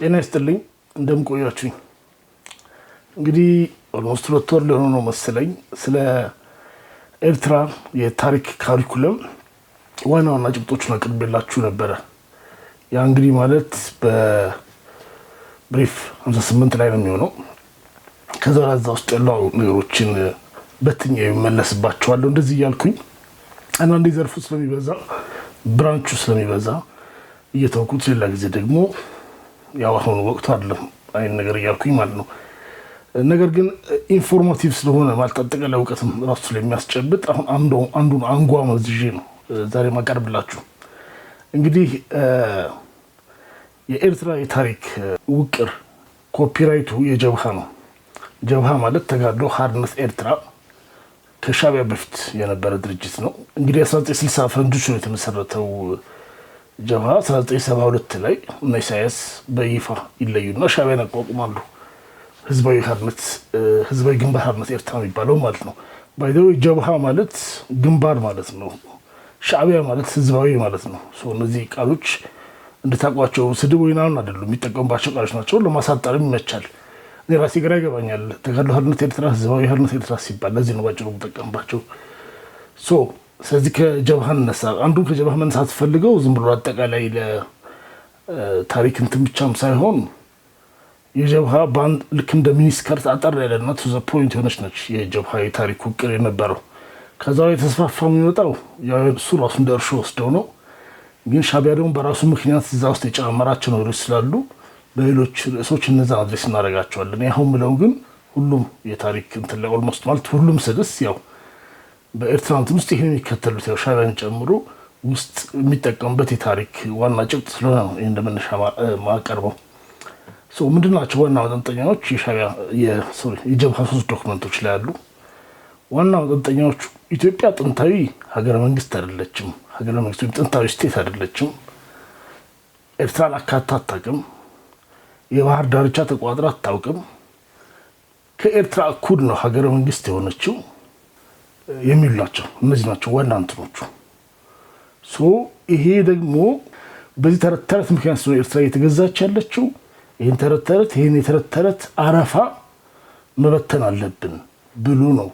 ጤና ይስጥልኝ እንደምቆያችሁኝ። እንግዲህ ኦልሞስት ሁለት ወር ሊሆኑ ነው መሰለኝ ስለ ኤርትራ የታሪክ ካሪኩለም ዋና ዋና ጭብጦቹን አቅርቤላችሁ ነበረ። ያ እንግዲህ ማለት በብሪፍ 58 ላይ ነው የሚሆነው። ከዛ ላዛ ውስጥ ያለው ነገሮችን በትኛ የመለስባቸዋለሁ። እንደዚህ እያልኩኝ አንዳንዴ ዘርፉ ስለሚበዛ ብራንቹ ስለሚበዛ እየተውኩት፣ ሌላ ጊዜ ደግሞ ያው አሁን ወቅቱ አይደለም አይን ነገር እያልኩኝ ማለት ነው። ነገር ግን ኢንፎርማቲቭ ስለሆነ ማለት አጠቃላይ እውቀትም ራሱ የሚያስጨብጥ አሁን አንዱን አንጓ መዝዤ ነው ዛሬ ማቀርብላችሁ። እንግዲህ የኤርትራ የታሪክ ውቅር ኮፒራይቱ የጀብሃ ነው። ጀብሃ ማለት ተጋድሎ ሓርነት ኤርትራ ከሻቢያ በፊት የነበረ ድርጅት ነው። እንግዲህ 1960 ፈረንጆች ነው የተመሰረተው ጀብሃ 1972 ላይ እና ኢሳያስ በይፋ ይለዩና ሻዕቢያን ያቋቁማሉ። ህዝባዊ ሓርነት ህዝባዊ ግንባር ሓርነት ኤርትራ የሚባለው ማለት ነው። ባይደዊ ጀብሃ ማለት ግንባር ማለት ነው። ሻቢያ ማለት ህዝባዊ ማለት ነው። እነዚህ ቃሎች እንድታውቋቸው ስድብ ወይናን አይደሉም፣ የሚጠቀሙባቸው ቃሎች ናቸው። ለማሳጠርም ይመቻል። እኔ ራሴ ግራ ይገባኛል። ተጋድሎ ሓርነት ኤርትራ፣ ህዝባዊ ሓርነት ኤርትራ ሲባል ለዚህ ነው ባጭሩ የምጠቀምባቸው። ስለዚህ ከጀብሃ እንነሳ። አንዱ ከጀብሃ መነሳት ስፈልገው ዝም ብሎ አጠቃላይ ለታሪክ እንትን ብቻም ሳይሆን የጀብሃ በአንድ ልክ እንደ ሚኒስከርት አጠር ያለና ቱ ዘ ፖይንት የሆነች ነች። የጀብሃ የታሪክ ውቅር የነበረው ከዛ የተስፋፋ የሚወጣው እሱ ራሱ እንደ እርሾ ወስደው ነው። ግን ሻቢያ ደግሞ በራሱ ምክንያት እዛ ውስጥ የጨመራቸው ነገሮች ስላሉ በሌሎች ርዕሶች እነዛ አድሬስ እናደርጋቸዋለን። ያሁን ብለው ግን ሁሉም የታሪክ እንትን ኦልሞስት ማለት ሁሉም ስድስት ያው በኤርትራን ውስጥ ይህን የሚከተሉት ያው ጨምሮ ውስጥ የሚጠቀሙበት የታሪክ ዋና ጭብጥ ስለሆነ ነው ይህ እንደመነሻ ማቀርበው። ምንድን ናቸው ዋና መጠንጠኛዎች የጀብሃ ሶስት ዶክመንቶች ላይ ያሉ ዋና መጠንጠኛዎቹ ኢትዮጵያ ጥንታዊ ሀገረ መንግስት አይደለችም፣ ሀገረ መንግስት ወይም ጥንታዊ ስቴት አይደለችም፣ ኤርትራን አካታ አታውቅም፣ የባህር ዳርቻ ተቋጥራ አታውቅም፣ ከኤርትራ እኩል ነው ሀገረ መንግስት የሆነችው የሚሉ እነዚህ ናቸው ዋና እንትኖቹ። ይሄ ደግሞ በዚህ ተረት ተረት ምክንያት ነው ኤርትራ እየተገዛች ያለችው። ይህን ተረት ተረት ይህን የተረት ተረት አረፋ መበተን አለብን ብሎ ነው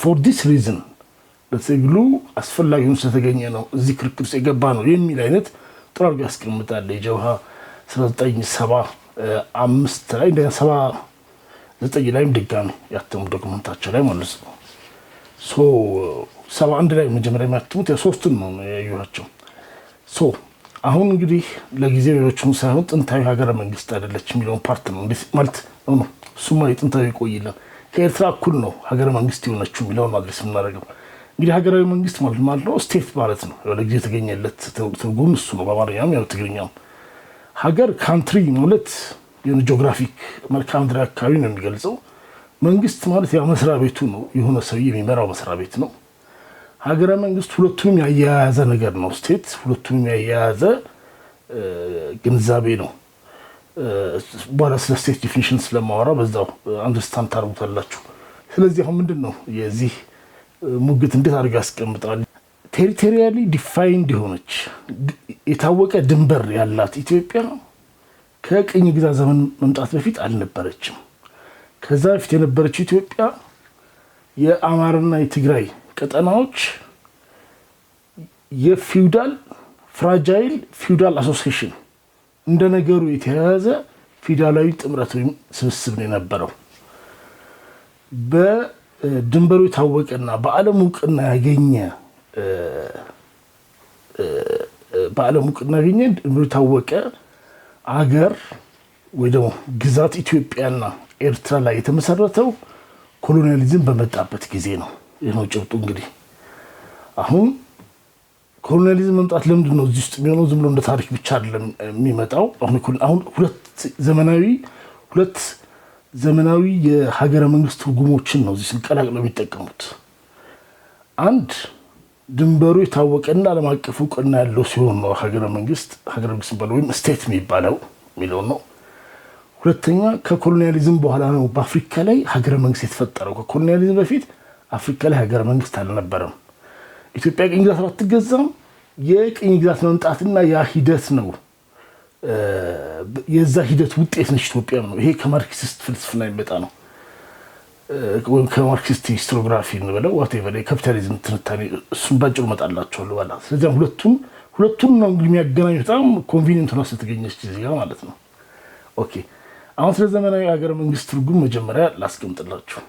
ፎር ዲስ ሪዝን ለትግሉ አስፈላጊ ሆኖ ስለተገኘ ነው እዚህ ክርክር ውስጥ የገባ ነው የሚል አይነት ጥሩ አድርጎ ያስቀምጣል። የጀውሃ ሰባ አምስት ላይ እንደ ሰባ ዘጠኝ ላይም ድጋሚ ያተሙ ዶክመንታቸው ላይ ማለት ነው። ሰባ አንድ ላይ መጀመሪያ የሚያትሙት የሶስቱን ነው ያዩቸው። አሁን እንግዲህ ለጊዜ ሌሎችን ሳይሆን ጥንታዊ ሀገረ መንግስት አይደለች የሚለውን ፓርት ነው ማለት ነው። እሱማ የጥንታዊ ይቆይልን ከኤርትራ እኩል ነው ሀገረ መንግስት የሆነችው የሚለውን ማድረስ የምናደርገው እንግዲህ ሀገራዊ መንግስት ማለት ማለት ነው ስቴት ማለት ነው። ለጊዜ የተገኘለት ትርጉም እሱ ነው። በአማርኛም ያው ትግርኛም ሀገር ካንትሪ ማለት የሆነ ጂኦግራፊክ መልክዓ ምድራዊ አካባቢ ነው የሚገልጸው መንግስት ማለት ያው መስሪያ ቤቱ ነው። የሆነ ሰው የሚመራው መስሪያ ቤት ነው። ሀገረ መንግስት ሁለቱንም ያያያዘ ነገር ነው። ስቴት ሁለቱንም ያያያዘ ግንዛቤ ነው። በኋላ ስለ ስቴት ዲፊኒሽን ስለማወራ በዛው አንደርስታንድ ታርጉታላችሁ። ስለዚህ አሁን ምንድን ነው የዚህ ሙግት እንዴት አድርገ ያስቀምጣል? ቴሪቶሪያሊ ዲፋይንድ የሆነች የታወቀ ድንበር ያላት ኢትዮጵያ ከቅኝ ግዛ ዘመን መምጣት በፊት አልነበረችም። ከዛ በፊት የነበረችው ኢትዮጵያ የአማርና የትግራይ ቀጠናዎች የፊውዳል ፍራጃይል ፊውዳል አሶሲሽን እንደ ነገሩ የተያያዘ ፊውዳላዊ ጥምረት ወይም ስብስብ ነው የነበረው። በድንበሩ የታወቀና በዓለም እውቅና ያገኘ በዓለም እውቅና ያገኘ ድንበሩ የታወቀ አገር ወይ ደግሞ ግዛት ኢትዮጵያና ኤርትራ ላይ የተመሰረተው ኮሎኒያሊዝም በመጣበት ጊዜ ነው። ይህነው ነው ጭብጡ። እንግዲህ አሁን ኮሎኒያሊዝም መምጣት ለምንድን ነው እዚህ ውስጥ የሚሆነው? ዝም ብሎ እንደ ታሪክ ብቻ አይደለም የሚመጣው። አሁን ሁለት ዘመናዊ ሁለት ዘመናዊ የሀገረ መንግስት ትርጉሞችን ነው እዚህ ስንቀላቅለው የሚጠቀሙት። አንድ ድንበሩ የታወቀና ዓለም አቀፍ እውቅና ያለው ሲሆን ነው ሀገረ መንግስት ሀገረ መንግስት ወይም ስቴት የሚባለው የሚለው ነው። ሁለተኛ ከኮሎኒያሊዝም በኋላ ነው በአፍሪካ ላይ ሀገረ መንግስት የተፈጠረው። ከኮሎኒያሊዝም በፊት አፍሪካ ላይ ሀገረ መንግስት አልነበረም። ኢትዮጵያ ቅኝ ግዛት ባትገዛም የቅኝ ግዛት መምጣትና ያ ሂደት ነው የዛ ሂደት ውጤት ነች ኢትዮጵያ ነው። ይሄ ከማርክሲስት ፍልስፍና የሚመጣ ነው ወይም ከማርክሲስት ሂስትሮግራፊ እንበለው ዋቴቨር የካፒታሊዝም ትንታኔ እሱን ባጭሩ እመጣላቸዋለሁ በኋላ። ስለዚያም ሁለቱም ሁለቱም ነው የሚያገናኙ በጣም ኮንቪኒንት ሆና ስለተገኘች ጊዜ ማለት ነው ኦኬ አሁን ስለ ዘመናዊ ሀገረ መንግስት ትርጉም መጀመሪያ ላስቀምጥላችሁ።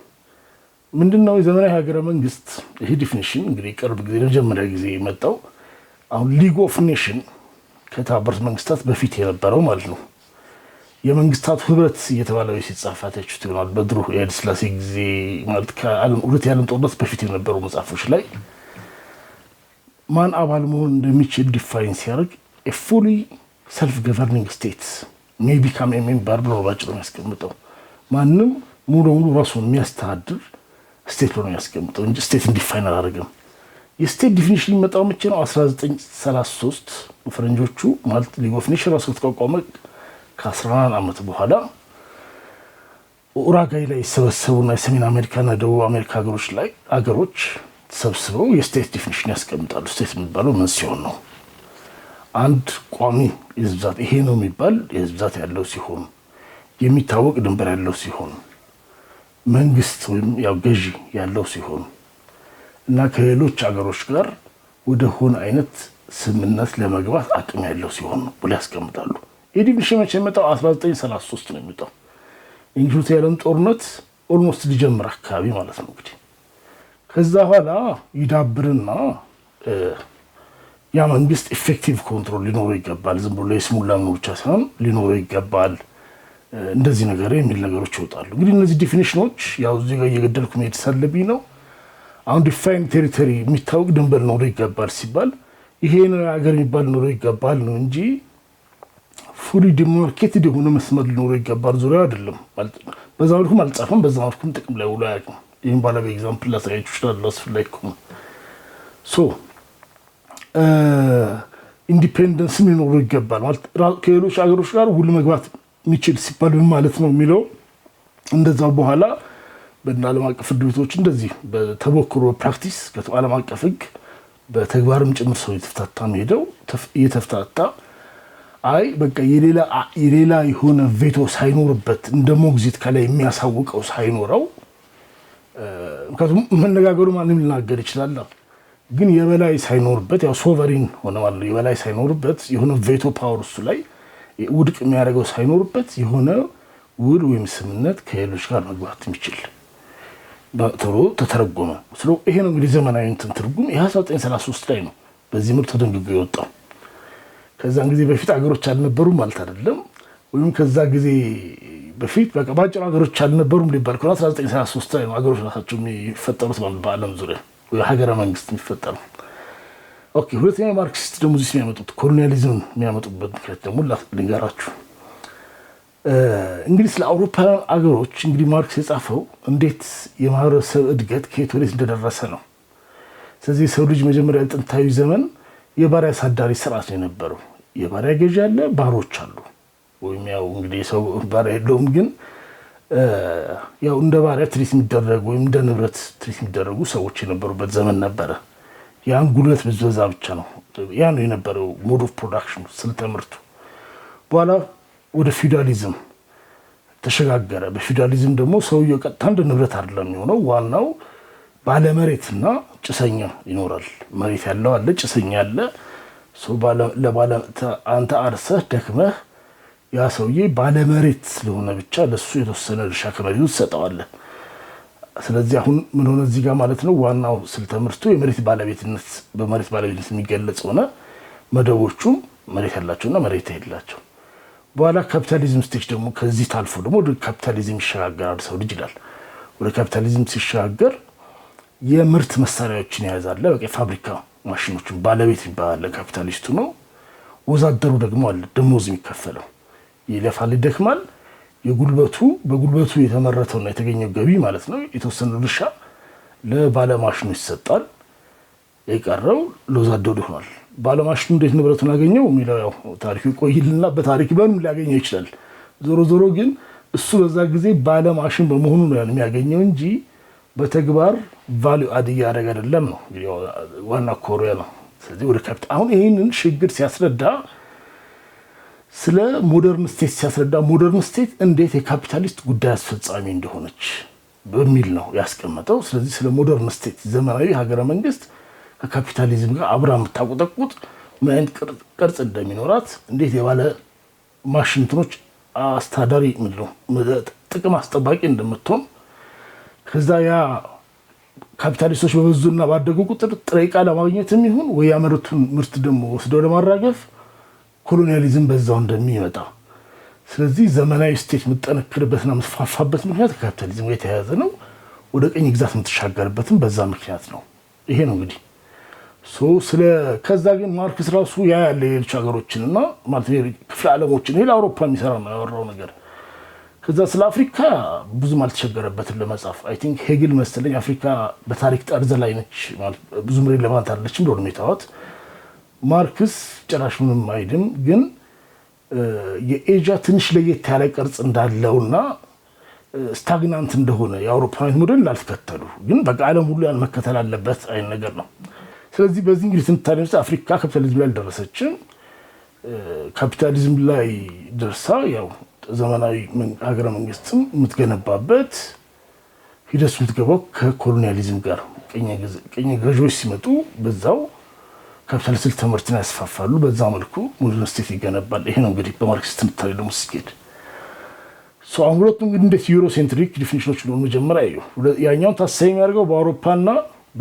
ምንድን ነው የዘመናዊ ሀገረ መንግስት? ይህ ዲፊኒሽን እንግዲህ ቅርብ ጊዜ ለመጀመሪያ ጊዜ የመጣው አሁን ሊግ ኦፍ ኔሽን ከተባበሩት መንግስታት በፊት የነበረው ማለት ነው የመንግስታቱ ህብረት እየተባለ ሲጻፍ ያያችሁት ይሆናል። በድሮ የኃይለ ሥላሴ ጊዜ ማለት ከሁለት የዓለም ጦርነት በፊት የነበሩ መጽሐፎች ላይ ማን አባል መሆን እንደሚችል ዲፋይን ሲያደርግ ፉሊ ሰልፍ ገቨርኒንግ ስቴትስ ሜቢካም የሚባል ብሎ ባጭሩ የሚያስቀምጠው ማንም ሙሉ ሙሉ ራሱን የሚያስተዳድር ስቴት ብሎ የሚያስቀምጠው እንጂ ስቴት እንዲፋይን አላደረገም። የስቴት ዲፊኒሽን የሚመጣው መቼ ነው? 1933 ፈረንጆቹ ማለት ሊግ ኦፍ ኔሽን ራሱ ከተቋቋመ ከ11 ዓመት በኋላ ኡራጋይ ላይ የሰበሰቡና የሰሜን አሜሪካና ደቡብ አሜሪካ ሀገሮች ላይ አገሮች ተሰብስበው የስቴት ዲፊኒሽን ያስቀምጣሉ። ስቴት የሚባለው ምን ሲሆን ነው? አንድ ቋሚ የህዝብ ብዛት ይሄ ነው የሚባል የህዝብ ብዛት ያለው ሲሆን የሚታወቅ ድንበር ያለው ሲሆን መንግስት ወይም ያው ገዢ ያለው ሲሆን እና ከሌሎች ሀገሮች ጋር ወደ ሆነ አይነት ስምምነት ለመግባት አቅም ያለው ሲሆን ነው ብሎ ያስቀምጣሉ። የዲግኒሽን መቼ የመጣው 1933 ነው የሚመጣው። የእንግሊዝ የዓለም ጦርነት ኦልሞስት ሊጀምር አካባቢ ማለት ነው እንግዲህ ከዛ በኋላ ይዳብርና ያ መንግስት ኢፌክቲቭ ኮንትሮል ሊኖረው ይገባል። ዝም ብሎ የስሙላ መኖር ብቻ ሳይሆን ሊኖረው ይገባል እንደዚህ ነገር የሚል ነገሮች ይወጣሉ። እንግዲህ እነዚህ ዲፊኒሽኖች ያው እዚህ ጋር እየገደልኩ መሄድ ሳለብኝ ነው። አሁን ዲፋይን ቴሪቶሪ የሚታወቅ ድንበር ኖሮ ይገባል ሲባል ይሄ ሀገር የሚባል ኖሮ ይገባል ነው እንጂ ፉሊ ዲማርኬትድ የሆነ መስመር ሊኖረው ይገባል ዙሪያ አይደለም። በዛ መልኩም አልጻፈም፣ በዛ መልኩም ጥቅም ላይ ውሎ አያውቅም። ይህም ባለበ ኤግዛምፕል ላሳያችሁ እችላለሁ አስፈላጊ ከሆነ ኢንዲፔንደንስ ሊኖሩ ይገባል ከሌሎች ሀገሮች ጋር ውል መግባት የሚችል ሲባል ማለት ነው የሚለው እንደዛው በኋላ በና ዓለም አቀፍ ፍርድ ቤቶች እንደዚህ በተሞክሮ ፕራክቲስ ከዓለም አቀፍ ህግ በተግባርም ጭምር ሰው እየተፍታታ ነው ሄደው እየተፍታታ አይ በቃ የሌላ የሆነ ቬቶ ሳይኖርበት እንደ ሞግዚት ከላይ የሚያሳውቀው ሳይኖረው ምክንያቱም መነጋገሩ ማንም ሊናገር ይችላል። ግን የበላይ ሳይኖርበት ያው ሶቨሪን ሆነዋል። የበላይ ሳይኖርበት የሆነ ቬቶ ፓወር እሱ ላይ ውድቅ የሚያደርገው ሳይኖርበት የሆነ ውል ወይም ስምነት ከሌሎች ጋር መግባት የሚችል ተብሎ ተተረጎመ። ስለ ይሄ ነው እንግዲህ ዘመናዊ እንትን ትርጉም የ1933 ላይ ነው በዚህ ምር ተደንግጎ የወጣው። ከዛን ጊዜ በፊት አገሮች አልነበሩም ማለት አይደለም፣ ወይም ከዛ ጊዜ በፊት በአጭሩ አገሮች አልነበሩም ሊባል ከ 1933 ላይ ነው አገሮች ራሳቸው የሚፈጠሩት በዓለም ዙሪያ ሀገረ መንግስት የሚፈጠረው። ኦኬ ሁለተኛ ማርክሲስት ደግሞ እዚህ የሚያመጡት ኮሎኒያሊዝም የሚያመጡበት ምክንያት ደግሞ ልንገራችሁ። እንግዲህ ስለ አውሮፓውያን አገሮች እንግዲህ ማርክስ የጻፈው እንዴት የማህበረሰብ እድገት ከየት ወዴት እንደደረሰ ነው። ስለዚህ የሰው ልጅ መጀመሪያ ጥንታዊ ዘመን የባሪያ አሳዳሪ ስርዓት ነው የነበረው። የባሪያ ገዢ አለ፣ ባሮች አሉ። ወይም ያው እንግዲህ የሰው ባሪያ የለውም ግን ያው እንደ ባሪያ ትሪት የሚደረጉ ወይም እንደ ንብረት ትሪት የሚደረጉ ሰዎች የነበሩበት ዘመን ነበረ። ያን ጉልበት ብዝበዛ ብቻ ነው። ያ ነው የነበረው ሞድ ኦፍ ፕሮዳክሽኑ ስልተ ምርቱ። በኋላ ወደ ፊውዳሊዝም ተሸጋገረ። በፊውዳሊዝም ደግሞ ሰውየው ቀጥታ እንደ ንብረት አይደለም የሚሆነው። ዋናው ባለመሬትና ጭሰኛ ይኖራል። መሬት ያለው አለ፣ ጭሰኛ አለ። አንተ አርሰህ ደክመህ ያ ሰውዬ ባለመሬት ስለሆነ ብቻ ለሱ የተወሰነ ድርሻ ከመሬቱ ትሰጠዋለህ። ስለዚህ አሁን ምን ሆነ እዚህ ጋር ማለት ነው ዋናው ስልተ ምርቱ የመሬት ባለቤትነት በመሬት ባለቤትነት የሚገለጽ ሆነ። መደቦቹም መሬት ያላቸውና መሬት የሌላቸው በኋላ ካፒታሊዝም ስቴጅ ደግሞ ከዚህ ታልፎ ደግሞ ወደ ካፒታሊዝም ይሸጋገራል ሰው ልጅ ይላል። ወደ ካፒታሊዝም ሲሸጋገር የምርት መሳሪያዎችን የያዛለ በቃ የፋብሪካ ማሽኖችን ባለቤት የሚባል ካፒታሊስቱ ነው። ወዛደሩ ደግሞ አለ ደሞዝ የሚከፈለው ይለፋል፣ ይደክማል። የጉልበቱ በጉልበቱ የተመረተውና የተገኘው ገቢ ማለት ነው የተወሰነ ድርሻ ለባለማሽኑ ይሰጣል። የቀረው ለወዛደሩ ይሆናል። ባለማሽኑ እንዴት ንብረቱን አገኘው የሚለው ያው ታሪኩ ይቆይልና በታሪክ በምን ሊያገኘው ይችላል። ዞሮ ዞሮ ግን እሱ በዛ ጊዜ ባለማሽን በመሆኑ ነው የሚያገኘው እንጂ በተግባር ቫሊዩ አድ እያደረገ አይደለም ነው ዋና ኮሪያ ነው። ስለዚህ ወደ ካፒታል አሁን ይህንን ችግር ሲያስረዳ ስለ ሞደርን ስቴት ሲያስረዳ ሞደርን ስቴት እንዴት የካፒታሊስት ጉዳይ አስፈጻሚ እንደሆነች በሚል ነው ያስቀመጠው። ስለዚህ ስለ ሞደርን ስቴት ዘመናዊ ሀገረ መንግስት ከካፒታሊዝም ጋር አብራ የምታቆጠቁጥ ምን አይነት ቅርጽ እንደሚኖራት እንዴት የባለ ማሽንትኖች አስተዳዳሪ ጥቅም አስጠባቂ እንደምትሆን ከዛ ያ ካፒታሊስቶች በበዙና ባደጉ ቁጥር ጥሬ ዕቃ ለማግኘት የሚሆን ወይ ያመረቱን ምርት ደግሞ ወስደው ለማራገፍ ኮሎኒያሊዝም በዛው እንደሚመጣ ስለዚህ ዘመናዊ ስቴት የምጠነክርበትና የምትፋፋበት ምክንያት ከካፒታሊዝም ጋር የተያያዘ ነው። ወደ ቀኝ ግዛት የምትሻገርበትም በዛ ምክንያት ነው። ይሄ ነው እንግዲህ ስለ ከዛ ግን ማርክስ ራሱ ያ ያለ የሌሎች ሀገሮችን እና ማለት ክፍለ ዓለሞችን ይሄ ለአውሮፓ የሚሰራ ነው ያወራው ነገር። ከዛ ስለ አፍሪካ ብዙም አልተቸገረበትም ለመጻፍ አይ ቲንክ ሄግል መሰለኝ አፍሪካ በታሪክ ጠርዝ ላይ ነች ብዙም ሬሌቫንት አይደለችም ብሎ ነው የተዋት ማርክስ ጭራሽ ምንም አይልም፣ ግን የኤጃ ትንሽ ለየት ያለ ቅርጽ እንዳለውና ስታግናንት እንደሆነ የአውሮፓዊት ሞዴል ላልተከተሉ ግን በቃ ዓለም ሁሉ ያን መከተል አለበት አይነት ነገር ነው። ስለዚህ በዚህ እንግዲህ ትንታኔ ውስጥ አፍሪካ ካፒታሊዝም ላይ አልደረሰችም። ካፒታሊዝም ላይ ደርሳ ያው ዘመናዊ ሀገረ መንግስትም የምትገነባበት ሂደት የምትገባው ከኮሎኒያሊዝም ጋር ቅኝ ገዥዎች ሲመጡ በዛው ካፒታል ስል ትምህርትን ያስፋፋሉ። በዛ መልኩ ሙሉ ስቴት ይገነባል። ይሄ ነው እንግዲህ በማርክስ ትንታኔ ደግሞ ሲሄድ አሁን ሁለቱም እንዴት ዩሮ ሴንትሪክ ዲፊኒሽኖች ሊሆኑ መጀመሪያ ዩ ያኛውን ታሳቢ የሚያደርገው በአውሮፓና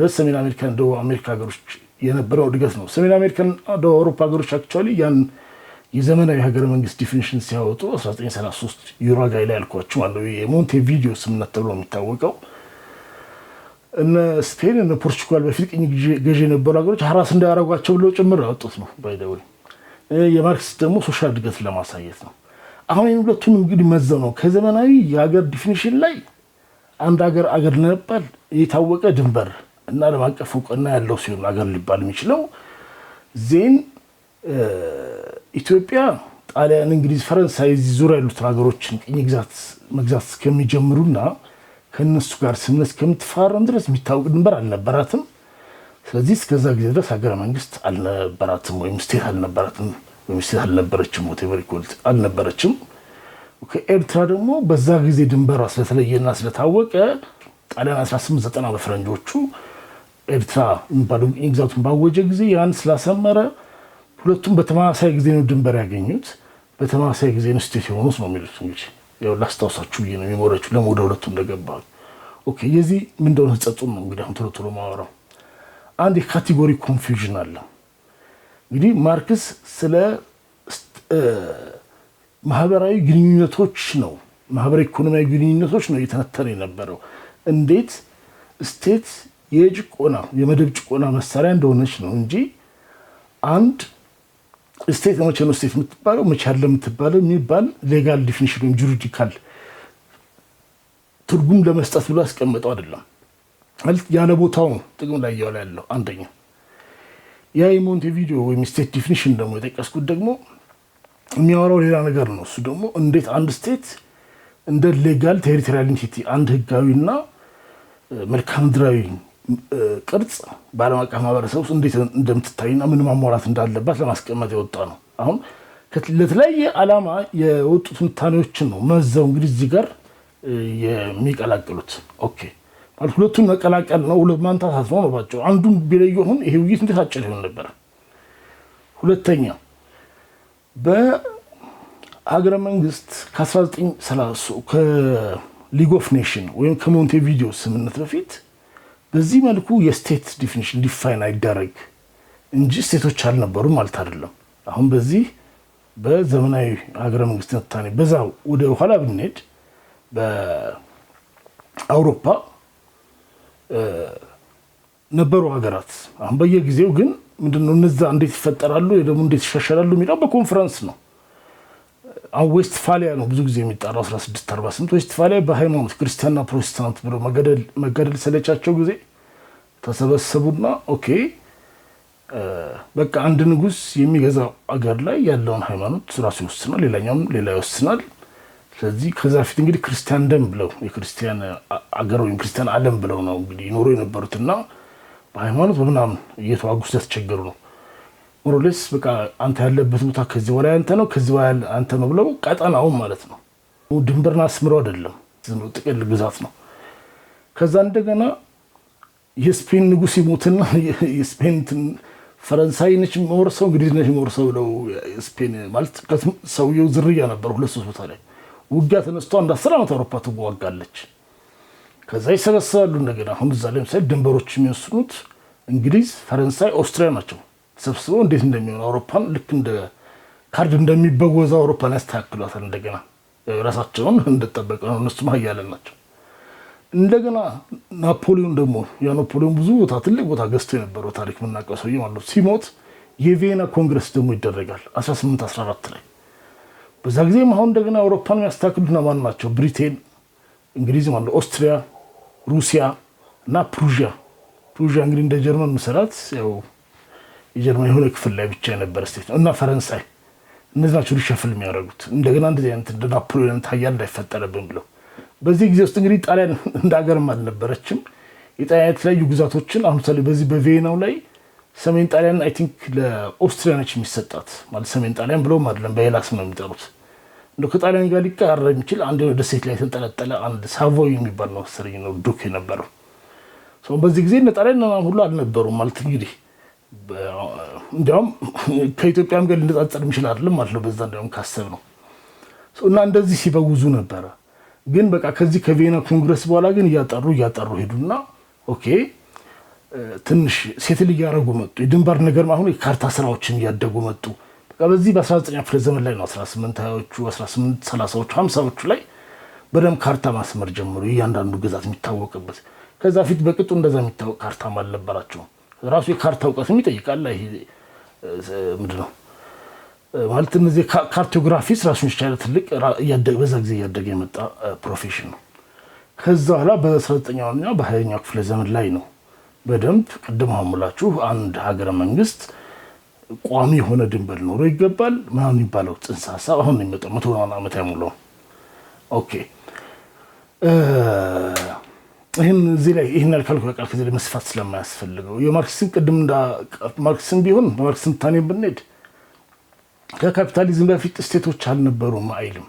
በሰሜን አሜሪካ ደቡብ አሜሪካ ሀገሮች የነበረው እድገት ነው። ሰሜን አሜሪካን ደቡብ አውሮፓ ሀገሮች አክቹዋሊ ያን የዘመናዊ ሀገረ መንግስት ዲፊኒሽን ሲያወጡ 1933 ዩሮ ጋይ ላይ ያልኳቸው አለው የሞንቴቪዲዮ ስምምነት ተብሎ የሚታወቀው እነ ስፔን እነ ፖርቹጋል በፊት ቅኝ ገዢ የነበሩ ሀገሮች ሀራስ እንዳያረጓቸው ብለው ጭምር ያወጡት ነው። ባይደወ የማርክስ ደግሞ ሶሻል እድገትን ለማሳየት ነው። አሁን ይህን ሁለቱን እንግዲህ መዘው ነው ከዘመናዊ የሀገር ዲፊኒሽን ላይ አንድ ሀገር አገር ለመባል የታወቀ ድንበር እና ዓለም አቀፍ እውቅና ያለው ሲሆን አገር ሊባል የሚችለው ዜን ኢትዮጵያ፣ ጣሊያን፣ እንግሊዝ፣ ፈረንሳይ ዙሪያ ያሉትን ሀገሮችን ቅኝ ግዛት መግዛት እስከሚጀምሩና ከእነሱ ጋር ስምነት እስከምትፈራረም ድረስ የሚታወቅ ድንበር አልነበራትም። ስለዚህ እስከዛ ጊዜ ድረስ ሀገረ መንግስት አልነበራትም፣ ወይም ስቴት አልነበራትም፣ ወይም ስቴት አልነበረችም፣ ቴቨሪኮልት አልነበረችም። ኤርትራ ደግሞ በዛ ጊዜ ድንበሯ ስለተለየና ስለታወቀ ጣሊያን 1890 በፈረንጆቹ ኤርትራ ግዛቱን ባወጀ ጊዜ ያን ስላሰመረ ሁለቱም በተመሳሳይ ጊዜ ነው ድንበር ያገኙት፣ በተመሳሳይ ጊዜ ነው ስቴት የሆኑት ነው የሚሉት እንግዲህ ያው ላስታውሳችሁ ብዬ ነው የሚሞረችው ለምን ወደ ሁለቱ እንደገባ ኦኬ። የዚህ ምን እንደሆነ ጸጹም ነው እንግዲህ አሁን ቶሎ ቶሎ ማወራው አንድ የካቴጎሪ ኮንፊውዥን አለ። እንግዲህ ማርክስ ስለ ማህበራዊ ግንኙነቶች ነው ማህበራዊ ኢኮኖሚያዊ ግንኙነቶች ነው እየተነተነ የነበረው እንዴት ስቴት የጭቆና የመደብ ጭቆና መሳሪያ እንደሆነች ነው እንጂ አንድ ስቴት መቼ ነው ስቴት የምትባለው መቼ አለ የምትባለው የሚባል ሌጋል ዲፊኒሽን ወይም ጁሪዲካል ትርጉም ለመስጠት ብሎ ያስቀመጠው አይደለም። ማለት ያለ ቦታው ነው ጥቅም ላይ እያዋለ ያለው አንደኛው። ያ የሞንቴቪዲዮ ወይም ስቴት ዲፊኒሽን ደግሞ የጠቀስኩት ደግሞ የሚያወራው ሌላ ነገር ነው። እሱ ደግሞ እንዴት አንድ ስቴት እንደ ሌጋል ቴሪቶሪያል ኢንቲቲ አንድ ህጋዊና መልክዓ ምድራዊ ቅርጽ በዓለም አቀፍ ማህበረሰብ ውስጥ እንዴት እንደምትታይና ምን ማሟላት እንዳለባት ለማስቀመጥ የወጣ ነው። አሁን ለተለያየ ዓላማ የወጡ ትንታኔዎችን ነው መዘው እንግዲህ እዚህ ጋር የሚቀላቅሉት። ኦኬ ማለት ሁለቱን መቀላቀል ነው፣ ማንታሳት ነው ነባቸው። አንዱን ቢለዩ አሁን ይሄ ውይይት እንዴት አጭር ይሆን ነበረ። ሁለተኛ በሀገረ መንግስት ከ1930 ከሊግ ኦፍ ኔሽን ወይም ከሞንቴቪዲዮ ስምምነት በፊት በዚህ መልኩ የስቴት ዲፊኒሽን ዲፋይን አይደረግ እንጂ ስቴቶች አልነበሩም ማለት አይደለም። አሁን በዚህ በዘመናዊ ሀገረ መንግስት ትንታኔ በዛ ወደ ኋላ ብንሄድ በአውሮፓ ነበሩ ሀገራት። አሁን በየጊዜው ግን ምንድነው እነዛ እንዴት ይፈጠራሉ ደግሞ እንዴት ይሻሻላሉ የሚለው በኮንፈረንስ ነው። ዌስትፋሊያ ነው ብዙ ጊዜ የሚጠራው 1648 ዌስትፋሊያ በሃይማኖት ክርስቲያንና ፕሮቴስታንት ብሎ መገደል ስለቻቸው ጊዜ ተሰበሰቡና ኦኬ በቃ አንድ ንጉስ የሚገዛው አገር ላይ ያለውን ሃይማኖት ራሱ ይወስናል፣ ሌላኛውም ሌላ ይወስናል። ስለዚህ ከዛ ፊት እንግዲህ ክርስቲያን ደም ብለው የክርስቲያን አገር ወይም ክርስቲያን ዓለም ብለው ነው እንግዲህ ይኖሩ የነበሩትና በሃይማኖት በምናምን እየተዋጉ ስለተቸገሩ ነው ሞሮሌስ በቃ አንተ ያለበት ቦታ ከዚህ ወላይ አንተ ነው ከዚህ ወላይ አንተ ነው ብለው ቀጠናውን ማለት ነው ድንበርና አስምሮ አይደለም ጥቅል ግዛት ነው። ከዛ እንደገና የስፔን ንጉስ ይሞትና የስፔን ፈረንሳይ ነች መወርሰው እንግዲህ ነች መወርሰው ብለው ስፔን ማለት ሰውየው ዝርያ ነበር። ሁለት ሶስት ቦታ ላይ ውጊያ ተነስቶ አንድ አስር ዓመት አውሮፓ ትዋጋለች። ከዛ ይሰበሰባሉ እንደገና አሁን እዛ ላይ ምሳሌ ድንበሮች የሚወስኑት እንግሊዝ፣ ፈረንሳይ፣ ኦስትሪያ ናቸው። ሰብስቦ እንዴት እንደሚሆን አውሮፓን ልክ እንደ ካርድ እንደሚበወዘው አውሮፓን ያስተካክሏታል። እንደገና ራሳቸውን እንደጠበቀ ነው። እነሱ ሀያላን ናቸው። እንደገና ናፖሊዮን ደግሞ የናፖሊዮን ብዙ ቦታ ትልቅ ቦታ ገዝቶ የነበረው ታሪክ የምናውቀው ሰውዬ ማለት ሲሞት የቪየና ኮንግረስ ደግሞ ይደረጋል 1814 ላይ። በዛ ጊዜም አሁን እንደገና አውሮፓን የሚያስተካክሉት ማን ናቸው? ብሪቴን፣ እንግሊዝ ማለት ኦስትሪያ፣ ሩሲያ እና ፕሩዣ። ፕሩዣ እንግዲህ እንደ ጀርመን መሰራት ያው የጀርመን የሆነ ክፍል ላይ ብቻ የነበረ ስቴት ነው እና ፈረንሳይ እነዚህ ናቸው ሊሸፍል የሚያደርጉት እንደገና እንደዚህ አይነት እንደ ናፖሊዮን ሀያል እንዳይፈጠረብን ብለው። በዚህ ጊዜ ውስጥ እንግዲህ ጣሊያን እንደ ሀገርም አልነበረችም። የጣሊያን የተለያዩ ግዛቶችን አሁን ምሳሌ በዚህ በቬናው ላይ ሰሜን ጣሊያን አይ ቲንክ ለኦስትሪያኖች የሚሰጣት ማለት ሰሜን ጣሊያን ብለውም አይደለም በሄላስ ነው የሚጠሩት። እንደ ከጣሊያን ጋር ሊቀራረብ የሚችል አንድ የሆነ ደሴት ላይ የተንጠለጠለ አንድ ሳቮይ የሚባል ነው መሰለኝ ነው ዱክ የነበረው። በዚህ ጊዜ እነ ጣሊያን ሁሉ አልነበሩም ማለት እንግዲህ እንዲያውም ከኢትዮጵያም ጋር ሊነጻጸር የሚችል አይደለም ማለት ነው። በዛ እንዲያውም ካሰብ ነው እና እንደዚህ ሲበውዙ ነበረ። ግን በቃ ከዚህ ከቬና ኮንግረስ በኋላ ግን እያጠሩ እያጠሩ ሄዱና ኦኬ ትንሽ ሴትል እያደረጉ መጡ። የድንበር ነገር አሁን የካርታ ስራዎችን እያደጉ መጡ። በቃ በዚህ በ19ኛ ክፍለ ዘመን ላይ ነው 18 ሀያዎቹ 18 50ዎቹ ላይ በደንብ ካርታ ማስመር ጀምሩ። እያንዳንዱ ግዛት የሚታወቅበት ከዛ ፊት በቅጡ እንደዛ የሚታወቅ ካርታም አልነበራቸውም። ራሱ የካርታ እውቀትም ይጠይቃል። ይሄ ምንድን ነው ማለት እነዚህ ካርቶግራፊስ ራሱን የቻለ ትልቅ በዛ ጊዜ እያደገ የመጣ ፕሮፌሽን ነው። ከዛ በኋላ በ19ኛውና በ20ኛው ክፍለ ዘመን ላይ ነው በደንብ ቅድም አሙላችሁ አንድ ሀገረ መንግስት ቋሚ የሆነ ድንበር ኖሮ ይገባል ምናምን የሚባለው ጽንሰ ሀሳብ አሁን የሚመጣው መቶ ዓመት ያሙለው ኦኬ ይህን እዚህ ላይ ይህን ያልካልኩ ቃል ከዚህ ላይ መስፋት ስለማያስፈልገው የማርክስን ቅድም እንዳ ማርክስን ቢሆን በማርክስን ታኔ ብንሄድ ከካፒታሊዝም በፊት ስቴቶች አልነበሩም አይልም።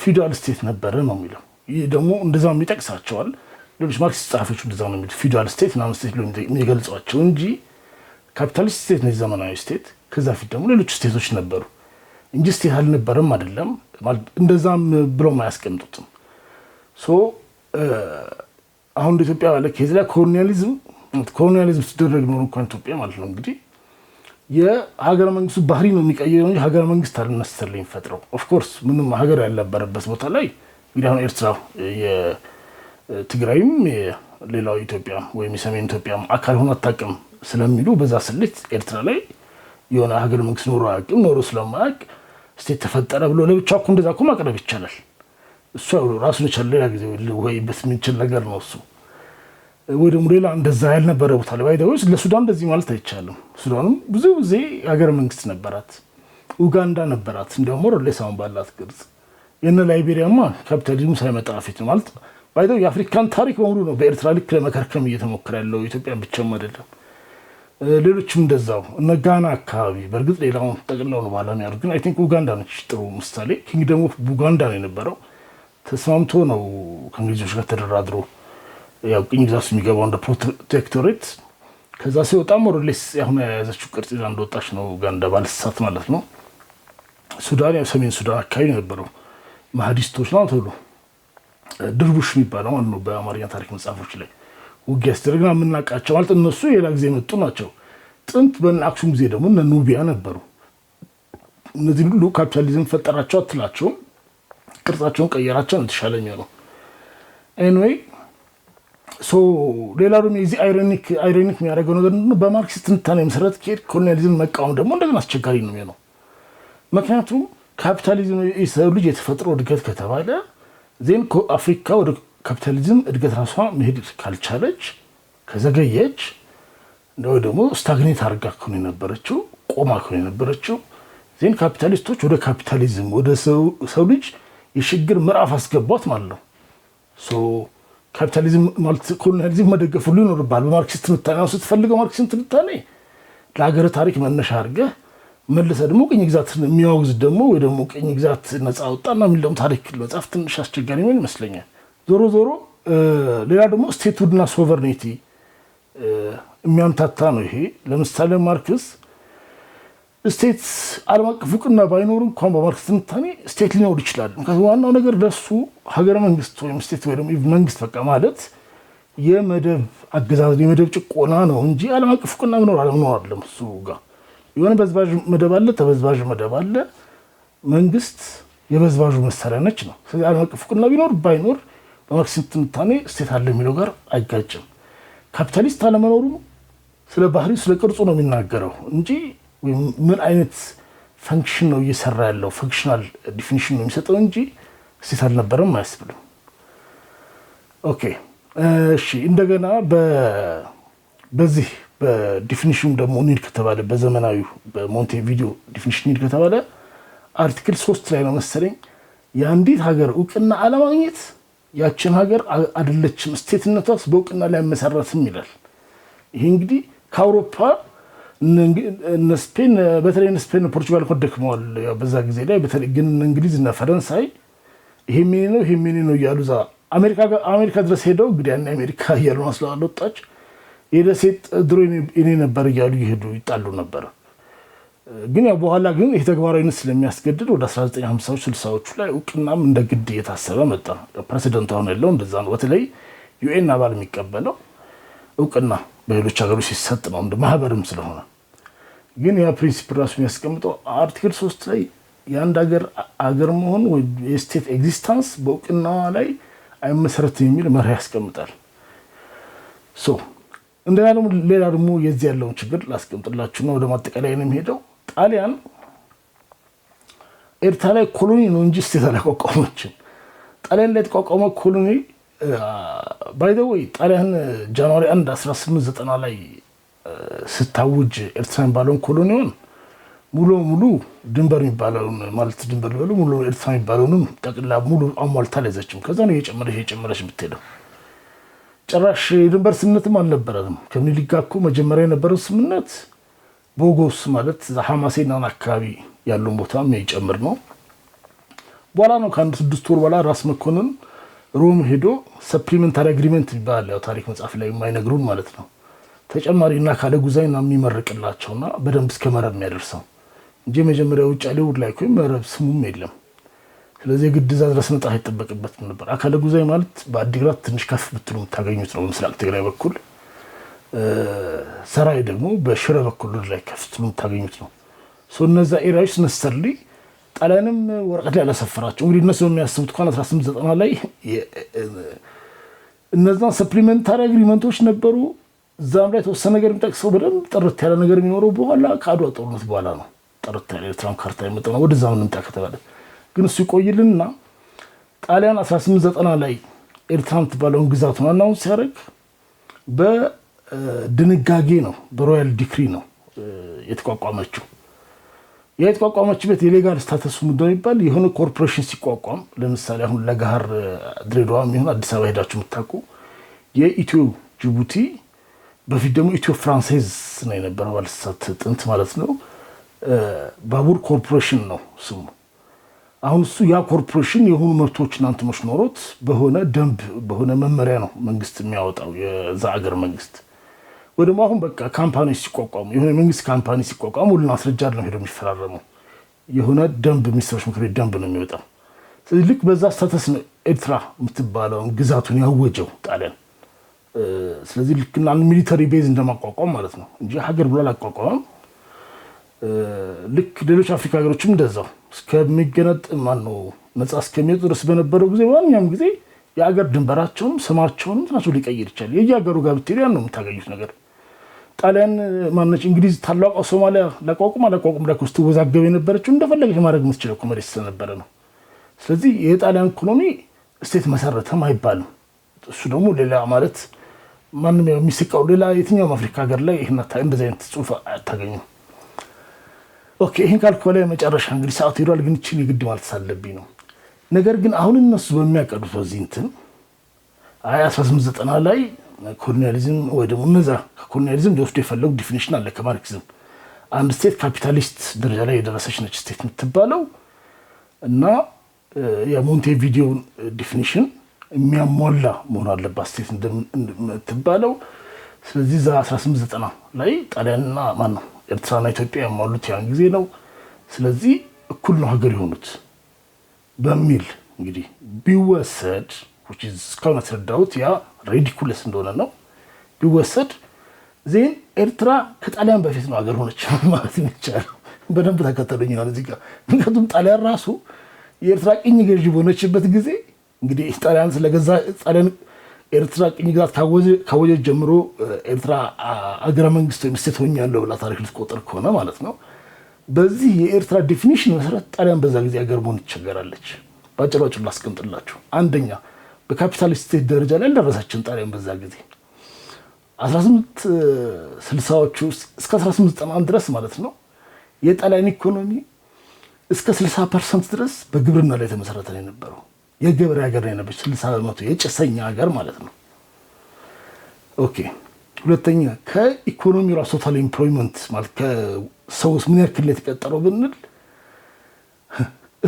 ፊውዳል ስቴት ነበረ ነው የሚለው። ይህ ደግሞ እንደዛ የሚጠቅሳቸዋል ሌሎች ማርክስ ጸሐፊዎች እንደዛ ነው የሚሉት። ፊውዳል ስቴት ምናምን ስቴት ብሎ የሚገልጿቸው እንጂ ካፒታሊስት ስቴት ነው የዘመናዊ ስቴት። ከዛ ፊት ደግሞ ሌሎች ስቴቶች ነበሩ እንጂ ስቴት አልነበረም አይደለም። እንደዛም ብለውም አያስቀምጡትም። አሁን እንደ ኢትዮጵያ ባለ ኬዝ ላይ ኮሎኒያሊዝም ኮሎኒያሊዝም ሲደረግ ኖሮ እንኳን ኢትዮጵያ ማለት ነው እንግዲህ የሀገረ መንግስቱ ባህሪ ነው የሚቀይረው እንጂ ሀገረ መንግስት አልነስተል የሚፈጥረው ኦፍኮርስ ምንም ሀገር ያልነበረበት ቦታ ላይ እንግዲህ አሁን ኤርትራ የትግራይም ሌላው ኢትዮጵያ ወይም የሰሜን ኢትዮጵያ አካል ሆኖ አታውቅም ስለሚሉ በዛ ስሌት ኤርትራ ላይ የሆነ ሀገር መንግስት ኖሮ አያውቅም ኖሮ ስለማያውቅ ስቴት ተፈጠረ ብሎ ለብቻ እኮ እንደዛ እኮ ማቅረብ ይቻላል። እሱ ራሱን የቻለ ሌላ ጊዜ ወይበት የምንችል ነገር ነው። እሱ ወይ ደግሞ ሌላ እንደዛ ያልነበረ ቦታ ላይ ባይዳዎች ለሱዳን እንደዚህ ማለት አይቻልም። ሱዳንም ብዙ ጊዜ ሀገረ መንግስት ነበራት፣ ኡጋንዳ ነበራት፣ እንዲያውም ሞሮሌ ሳሁን ባላት ቅርጽ የነ ላይቤሪያማ ካፒታሊዝሙ ሳይመጣ በፊት ማለት ባይደው የአፍሪካን ታሪክ በሙሉ ነው በኤርትራ ልክ ለመከርከም እየተሞከረ ያለው ኢትዮጵያ ብቻም አይደለም። ሌሎችም እንደዛው እነ ጋና አካባቢ በእርግጥ ሌላውን ጠቅላው ነው ባላ ያሉ ግን አይ ቲንክ ኡጋንዳ ነች ጥሩ ምሳሌ። ኪንግደም ኦፍ ኡጋንዳ ነው የነበረው ተስማምቶ ነው ከእንግሊዞች ጋር ተደራድሮ ያው ቅኝ ግዛት የሚገባው እንደ ፕሮቴክቶሬት ከዛ ሲወጣም ወደሌስ አሁን የያዘችው ቅርጽ ይዛ እንደወጣች ነው ጋንደ ባለስሳት ማለት ነው። ሱዳን ያው ሰሜን ሱዳን አካባቢ ነው የነበረው። ማህዲስቶች ነው ተብሎ ድርቡሽ የሚባለው ማለት ነው በአማርኛ ታሪክ መጽሐፎች ላይ ውጊያ ሲደረግ ነው የምናውቃቸው ማለት እነሱ ሌላ ጊዜ የመጡ ናቸው። ጥንት በነ አክሱም ጊዜ ደግሞ እነ ኑቢያ ነበሩ። እነዚህ ሁሉ ካፒታሊዝም ፈጠራቸው አትላቸውም ቅርጻቸውን ቀየራቸው ነው የተሻለ የሚሆነው። ኤኒዌይ ሶ ሌላ ደግሞ የዚህ አይሮኒክ አይሮኒክ የሚያደርገው ነገር ነው? በማርክሲስት ትንታኔ መሰረት ከሄድ ኮሎኒያሊዝም መቃወም ደግሞ እንደገና አስቸጋሪ ነው የሚሆነው። ምክንያቱም ካፒታሊዝም የሰው ልጅ የተፈጥሮ እድገት ከተባለ ዜን አፍሪካ ወደ ካፒታሊዝም እድገት ራሷ መሄድ ካልቻለች ከዘገየች ወይ ደግሞ ስታግኔት አርጋ ከሆነ የነበረችው ቆማ ከሆነ የነበረችው ዜን ካፒታሊስቶች ወደ ካፒታሊዝም ወደ ሰው ልጅ የሽግግር ምዕራፍ አስገቧት ማለት ነው። ካፒታሊዝም ማለት ኮሎኒያሊዝም መደገፍ ሁሉ ይኖርባል። በማርክሲስት ትንታኔ ስትፈልገው ማርክሲስት ትንታኔ ለሀገር ታሪክ መነሻ አድርገህ መልሰህ ደግሞ ቅኝ ግዛት የሚያወግዝ ደግሞ ወይ ደግሞ ቅኝ ግዛት ነፃ ወጣና የሚል ደግሞ ታሪክ መጽሐፍ ትንሽ አስቸጋሪ ሆን ይመስለኛል። ዞሮ ዞሮ ሌላ ደግሞ ስቴትሁድና ሶቨርኒቲ የሚያምታታ ነው ይሄ። ለምሳሌ ማርክስ ስቴትስ ዓለም አቀፍ እውቅና ባይኖር እንኳን በማርክስ ትንታኔ ስቴት ሊኖር ይችላል። ምክንያቱም ዋናው ነገር ለሱ ሀገረ መንግስት ወይም ስቴት ወይ መንግስት በቃ ማለት የመደብ አገዛዝ የመደብ ጭቆና ነው እንጂ ዓለም አቀፍ እውቅና ምኖር አለመኖር አይደለም። እሱ ጋር የሆነ በዝባዥ መደብ አለ፣ ተበዝባዥ መደብ አለ። መንግስት የበዝባዡ መሳሪያ ነች ነው። ስለዚህ ዓለም አቀፍ እውቅና ቢኖር ባይኖር በማርክስ ትንታኔ ስቴት አለ የሚለው ጋር አይጋጭም። ካፒታሊስት አለመኖሩም ስለ ባህሪ ስለ ቅርጹ ነው የሚናገረው እንጂ ምን አይነት ፈንክሽን ነው እየሰራ ያለው ፈንክሽናል ዲፊኒሽን ነው የሚሰጠው እንጂ እሴት አልነበረም አያስብልም። ኦኬ እሺ። እንደገና በዚህ በዲፊኒሽኑ ደግሞ ኒድ ከተባለ በዘመናዊ ቪዲዮ ዲፊኒሽን ኒድ ከተባለ አርቲክል ሶስት ላይ ነው መሰለኝ የአንዲት ሀገር እውቅና አለማግኘት ያችን ሀገር አይደለችም ስቴትነቷስ በእውቅና ላይ መሰረትም ይላል። ይህ እንግዲህ ከአውሮፓ ስፔን በተለይ ስፔን ፖርቹጋል እኮ ደክመዋል። በዛ ጊዜ ላይ ግን እንግሊዝ እና ፈረንሳይ ይሄ ሚኒ ነው ይሄ ሚኒ ነው እያሉ ዛ አሜሪካ ድረስ ሄደው እንግዲህ ያን አሜሪካ እያሉ ማስላል ወጣች የደሴት ድሮ እኔ ነበር እያሉ ይሄዱ ይጣሉ ነበር። ግን ያው በኋላ ግን ይህ ተግባራዊነት ስለሚያስገድድ ወደ 1950 60ዎቹ ላይ እውቅናም እንደ ግድ እየታሰበ መጣ። ፕሬዚደንቱ አሁን ያለው እንደዛ ነው። በተለይ ዩኤን አባል የሚቀበለው እውቅና በሌሎች ሀገሮች ሲሰጥ ነው እንደ ማህበርም ስለሆነ ግን ያ ፕሪንሲፕ ራሱ የሚያስቀምጠው አርቲክል ሶስት ላይ የአንድ ሀገር አገር መሆን ወይ የስቴት ኤግዚስታንስ በእውቅናዋ ላይ አይመሰረትም የሚል መርህ ያስቀምጣል። ሶ እንደና ደግሞ ሌላ ደግሞ የዚህ ያለውን ችግር ላስቀምጥላችሁ ነው። ወደ ማጠቃላይ ነው የሚሄደው። ጣሊያን ኤርትራ ላይ ኮሎኒ ነው እንጂ ስቴት አላቋቋመችም። ጣሊያን ላይ የተቋቋመ ኮሎኒ ባይደወይ uh, ጣሊያን ጃንዋሪ 1 1890 ላይ ስታውጅ ኤርትራን ባለውን ኮሎኒውን ሙሉ ሙሉ ድንበር የሚባለውን ማለት ድንበር ሊበሉ ሙሉ ኤርትራ የሚባለውንም ጠቅላ ሙሉ አሟልታ አልያዘችም። ከዛ ነው እየጨመረች እየጨመረች የምትሄደው። ጭራሽ የድንበር ስምምነትም አልነበረንም። ከምኒልክ ጋር እኮ መጀመሪያ የነበረው ስምምነት ቦጎስ ማለት ሐማሴናን አካባቢ ያለውን ቦታ የሚጨምር ነው። በኋላ ነው ከአንድ ስድስት ወር በኋላ ራስ መኮንን ሮም ሄዶ ሰፕሊመንታሪ አግሪመንት ይባላል። ያው ታሪክ መጽሐፍ ላይ የማይነግሩን ማለት ነው ተጨማሪና ካለ ጉዛይና የሚመርቅላቸውና በደንብ እስከ መረብ የሚያደርሰው እንጂ መጀመሪያ ውጭ ሊውድ ላይ ኮይም መረብ ስሙም የለም። ስለዚህ የግድ እዛ ድረስ መጣት አይጠበቅበትም ነበር። አካለ ጉዛይ ማለት በአዲግራት ትንሽ ከፍ ብትሉ የምታገኙት ነው። በምስራቅ ትግራይ በኩል ሰራይ ደግሞ በሽረ በኩል ላይ ከፍ ብትሉ የምታገኙት ነው። እነዛ ኤሪያዎች ስነሰርሊ ጣሊያንም ወረቀት ላይ አላሰፈራቸው። እንግዲህ እነሱ የሚያስቡት እንኳን 1890 ላይ እነዛን ሰፕሊመንታሪ አግሪመንቶች ነበሩ እዛም ላይ የተወሰነ ነገር የሚጠቅሰው በደንብ ጥርት ያለ ነገር የሚኖረው በኋላ ከአድዋ ጦርነት በኋላ ነው። ጥርት ያለ ኤርትራን ካርታ የመጠ ነው። ወደዛ ምጣ ከተባለ ግን እሱ ይቆይልንና ጣሊያን 1890 ላይ ኤርትራ የምትባለውን ግዛት ዋናውን ሲያደርግ በድንጋጌ ነው፣ በሮያል ዲክሪ ነው የተቋቋመችው። ያ የተቋቋመችበት የሌጋል ስታተሱ ምንድን ነው የሚባል የሆነ ኮርፖሬሽን ሲቋቋም፣ ለምሳሌ አሁን ለጋሃር ድሬዳዋ የሚሆን አዲስ አበባ ሄዳችሁ የምታውቁ የኢትዮ ጅቡቲ በፊት ደግሞ ኢትዮ ፍራንሴዝ ነው የነበረው ባለስሳት ጥንት ማለት ነው። ባቡር ኮርፖሬሽን ነው ስሙ። አሁን እሱ ያ ኮርፖሬሽን የሆኑ መብቶችና እንትኖች ኖሮት በሆነ ደንብ በሆነ መመሪያ ነው መንግስት የሚያወጣው የዛ አገር መንግስት ወይ ደግሞ አሁን በቃ ካምፓኒ ሲቋቋሙ የሆነ የመንግስት ካምፓኒ ሲቋቋሙ ሁሉን አስረጃ ነው ሄደ የሚፈራረሙ የሆነ ደንብ ሚኒስትሮች ምክር ቤት ደንብ ነው የሚወጣው። ስለዚህ ልክ በዛ ስታተስ ነው ኤርትራ የምትባለውን ግዛቱን ያወጀው ጣሊያን ስለዚህ ልክ አንድ ሚሊተሪ ቤዝ እንደማቋቋም ማለት ነው እንጂ ሀገር ብሎ አላቋቋመም። ልክ ሌሎች አፍሪካ ሀገሮችም እንደዛው እስከሚገነጥ ማነው ነፃ እስከሚወጡ ድረስ በነበረው ጊዜ ማንኛውም ጊዜ የሀገር ድንበራቸውም ስማቸውን እንትናቸው ሊቀይር ይችላል። የየሀገሩ ጋር ብትሄዱ ያን ነው የምታገኙት ነገር። ጣሊያን ማነች እንግሊዝ ታላቋ ሶማሊያ ላቋቁም አላቋቁም ላይ ስትወዛገብ የነበረችው እንደፈለገች ማድረግ የምትችለው እኮ መሬት ስለነበረ ነው። ስለዚህ የጣሊያን ኢኮኖሚ ስቴት መሰረተም አይባልም። እሱ ደግሞ ሌላ ማለት ማንም ያው የሚስቀው ሌላ የትኛውም አፍሪካ ሀገር ላይ ይህን እንደዚህ አይነት ጽሁፍ አታገኝም። ኦኬ ይህን ካልኩ በላይ መጨረሻ እንግዲህ ሰዓቱ ሄዷል፣ ግን ይህችን የግድ ማለት ሳለብኝ ነው። ነገር ግን አሁን እነሱ በሚያቀዱት በዚህ እንትን አይ 1890 ላይ ኮሎኒያሊዝም ወይ ደግሞ እነዛ ከኮሎኒያሊዝም ሊወስዱ የፈለጉ ዲፊኒሽን አለ ከማርክሲዝም አንድ ስቴት ካፒታሊስት ደረጃ ላይ የደረሰች ነች ስቴት የምትባለው እና የሞንቴቪዲዮን ዲፊኒሽን የሚያሟላ መሆን አለባት ስቴት እንደምትባለው። ስለዚህ ዛ 1890 ላይ ጣሊያንና ማነው ኤርትራና ኢትዮጵያ ያሟሉት ያን ጊዜ ነው። ስለዚህ እኩል ነው ሀገር የሆኑት በሚል እንግዲህ ቢወሰድ እስካሁን ያስረዳሁት ያ ሬዲኩለስ እንደሆነ ነው። ቢወሰድ ዜን ኤርትራ ከጣሊያን በፊት ነው ሀገር ሆነች ማለት ይቻላል። በደንብ ተከተሉኝ እዚህ ጋር። ምክንያቱም ጣሊያን ራሱ የኤርትራ ቅኝ ገዥ በሆነችበት ጊዜ እንግዲህ ጣሊያን ስለገዛ ጣሊያን ኤርትራ ቅኝ ግዛት ካወጀ ጀምሮ ኤርትራ አገረ መንግስት ወይም ስቴት ሆኛለሁ ብላ ታሪክ ልትቆጥር ከሆነ ማለት ነው። በዚህ የኤርትራ ዴፊኒሽን መሰረት ጣሊያን በዛ ጊዜ አገር መሆን ትቸገራለች። በአጭር ባጭሩ ላስቀምጥላችሁ። አንደኛ በካፒታሊስት ስቴት ደረጃ ላይ አልደረሰችም ጣሊያን በዛ ጊዜ 1860ዎቹ እስከ 1891 ድረስ ማለት ነው። የጣሊያን ኢኮኖሚ እስከ 60 ፐርሰንት ድረስ በግብርና ላይ የተመሰረተ ነው የነበረው። የገበሬ ሀገር ነው የነበረች፣ 60 በመቶ የጭሰኛ ሀገር ማለት ነው። ኦኬ ሁለተኛ ከኢኮኖሚ ራሱ ቶታል ኤምፕሎይመንት ማለት ከሰውስ ምን ያክል የተቀጠረው ብንል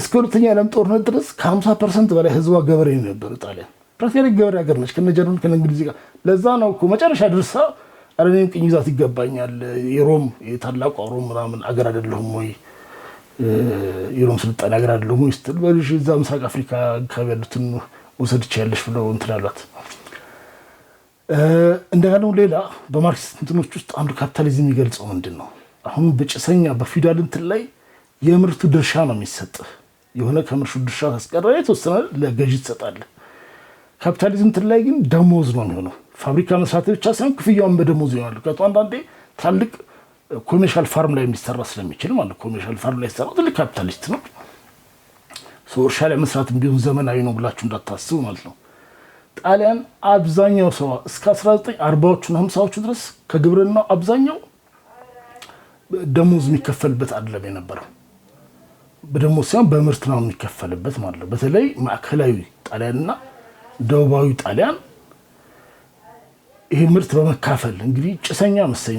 እስከ ሁለተኛ ዓለም ጦርነት ድረስ ከ50 ፐርሰንት በላይ ህዝቧ ገበሬ ነበር። ጣሊያን ፕራክቲካሊ ገበሬ ሀገር ነች፣ ከነ ጀርመን ከነ እንግሊዝ ጋር። ለዛ ነው እኮ መጨረሻ ድርሳ አረ ቅኝ ግዛት ይገባኛል የሮም የታላቋ ሮም ምናምን አገር አይደለሁም ወይ የሮም ስልጣን ሀገር አለ ደግሞ ስትል በልሽ እዛ ምስራቅ አፍሪካ አካባቢ ያሉትን ውሰድ ችያለሽ ብለው እንትን አሏት። እንደጋለው ሌላ በማርክስ እንትኖች ውስጥ አንዱ ካፒታሊዝም የሚገልጸው ምንድን ነው? አሁን በጭሰኛ በፊውዳል እንትን ላይ የምርቱ ድርሻ ነው የሚሰጥህ። የሆነ ከምርሹ ድርሻ ካስቀረ የተወሰነ ለገዢ ትሰጣለህ። ካፒታሊዝም እንትን ላይ ግን ደሞዝ ነው የሚሆነው። ፋብሪካ መስራት ብቻ ሳይሆን ክፍያውን በደሞዝ ይሆናል። ከቶ አንዳንዴ ትላልቅ ኮሜርሻል ፋርም ላይ የሚሰራ ስለሚችል ማለት ኮሜርሻል ፋርም ላይ ሰራ ትልቅ ካፒታሊስት ነው። ሰው እርሻ ላይ መስራት ቢሆን ዘመናዊ ነው ብላችሁ እንዳታስቡ ማለት ነው። ጣሊያን አብዛኛው ሰው እስከ 1940ዎቹና 50ዎቹ ድረስ ከግብርናው አብዛኛው ደሞዝ የሚከፈልበት አይደለም የነበረው። በደሞዝ ሳይሆን በምርት ነው የሚከፈልበት ማለት ነው። በተለይ ማዕከላዊ ጣሊያንና ደቡባዊ ጣሊያን ይሄ ምርት በመካፈል እንግዲህ ጭሰኛ መሰኝ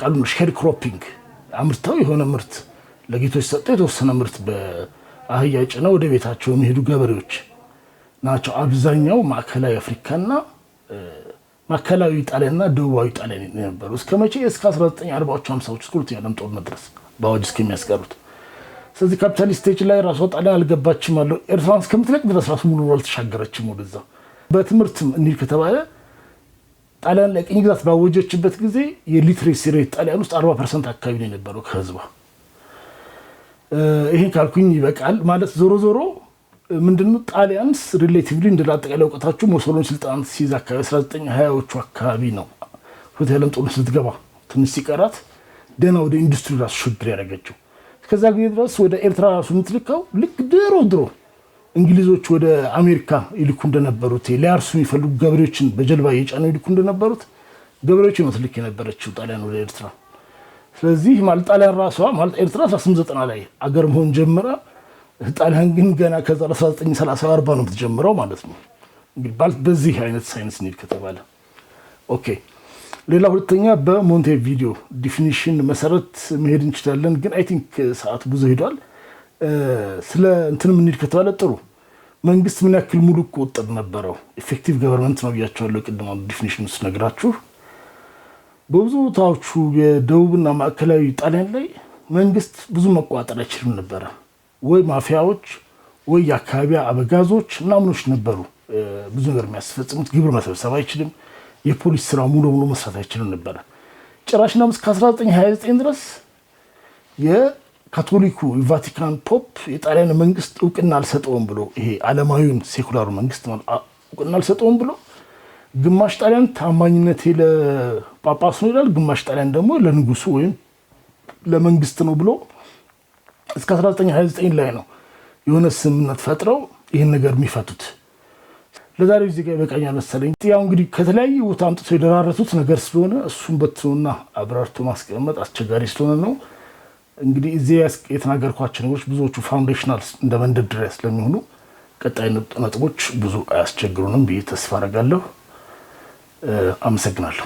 ቀድሞሽ ሼር ክሮፒንግ አምርተው የሆነ ምርት ለጌቶች ሰጠው የተወሰነ ምርት በአህያ ጭነው ወደ ቤታቸው የሚሄዱ ገበሬዎች ናቸው። አብዛኛው ማዕከላዊ አፍሪካና ማዕከላዊ ጣሊያንና ደቡባዊ ጣሊያን የነበሩ እስከ መቼ እስከ 1940ዎቹ ሃምሳዎች እስከ ሁለተኛው ዓለም ጦርነት ድረስ በአዋጅ እስከሚያስቀሩት። ስለዚህ ካፒታሊስት ስቴጅ ላይ ራሷ ጣሊያን አልገባችም አለው። ኤርትራን እስከምትለቅ ድረስ ራሱ ሙሉ አልተሻገረችም ወደዛ። በትምህርትም እንሂድ ከተባለ ጣሊያን ለቅኝ ግዛት ባወጀችበት ጊዜ የሊትሬሲ ሬት ጣሊያን ውስጥ አርባ ፐርሰንት አካባቢ ነው የነበረው ከህዝቧ። ይሄን ካልኩኝ ይበቃል ማለት ዞሮ ዞሮ ምንድነው ጣሊያንስ ሪሌቲቭሊ እንደ አጠቃላይ እውቀታችሁ ሞሶሎኒ ስልጣን ሲይዝ አካባቢ 1920ዎቹ አካባቢ ነው ሁለተኛ ዓለም ጦርነት ስትገባ ትንሽ ሲቀራት ደህና ወደ ኢንዱስትሪ ራሱ ሽግግር ያደረገችው። እስከዛ ጊዜ ድረስ ወደ ኤርትራ ራሱ የምትልካው ልክ ድሮ ድሮ እንግሊዞች ወደ አሜሪካ ይልኩ እንደነበሩት ሊያርሱ የሚፈልጉ ገበሬዎችን በጀልባ እየጫኑ ይልኩ እንደነበሩት ገበሬዎች ነው ትልክ የነበረችው ጣሊያን ወደ ኤርትራ። ስለዚህ ማለት ጣሊያን ራሷ ማለት ኤርትራ 1890 ላይ አገር መሆን ጀምራ፣ ጣሊያን ግን ገና ከ1930 ነው የምትጀምረው ማለት ነው። እንግዲህ በዚህ አይነት ሳይንስ ኒድ ከተባለ ኦኬ። ሌላ ሁለተኛ በሞንቴቪዲዮ ዲፊኒሽን መሰረት መሄድ እንችላለን፣ ግን አይ ቲንክ ሰዓት ብዙ ሄዷል። ስለ እንትን የምንሄድ ከተባለ ጥሩ መንግስት ምን ያክል ሙሉ ቁጥጥር ነበረው? ኢፌክቲቭ ገቨርንመንት ነው ብያቸዋለሁ። ቅድማ ዲፊኒሽን ውስጥ ነግራችሁ በብዙ ቦታዎቹ የደቡብና ማዕከላዊ ጣሊያን ላይ መንግስት ብዙ መቆጣጠር አይችልም ነበረ። ወይ ማፊያዎች ወይ የአካባቢ አበጋዞች እና ምኖች ነበሩ ብዙ ነገር የሚያስፈጽሙት። ግብር መሰብሰብ አይችልም። የፖሊስ ስራ ሙሉ ሙሉ መስራት አይችልም ነበረ። ጭራሽና እስከ 1929 ድረስ ካቶሊኩ የቫቲካን ፖፕ የጣሊያን መንግስት እውቅና አልሰጠውም ብሎ ይሄ ዓለማዊውን ሴኩላሩ መንግስት እውቅና አልሰጠውም ብሎ ግማሽ ጣሊያን ታማኝነቴ ለጳጳሱ ነው ይላል፣ ግማሽ ጣሊያን ደግሞ ለንጉሱ ወይም ለመንግስት ነው ብሎ እስከ 1929 ላይ ነው የሆነ ስምምነት ፈጥረው ይህን ነገር የሚፈቱት። ለዛሬ እዚህ ጋር ይበቃኛል መሰለኝ። ያው እንግዲህ ከተለያዩ ቦታ አምጥቶ የደራረቱት ነገር ስለሆነ እሱን በትኖና አብራርቶ ማስቀመጥ አስቸጋሪ ስለሆነ ነው። እንግዲህ እዚህ የተናገርኳቸው ነገሮች ብዙዎቹ ፋውንዴሽናል እንደ መንደርደሪያ ስለሚሆኑ ቀጣይ ነጥቦች ብዙ አያስቸግሩንም ብዬ ተስፋ አደርጋለሁ። አመሰግናለሁ።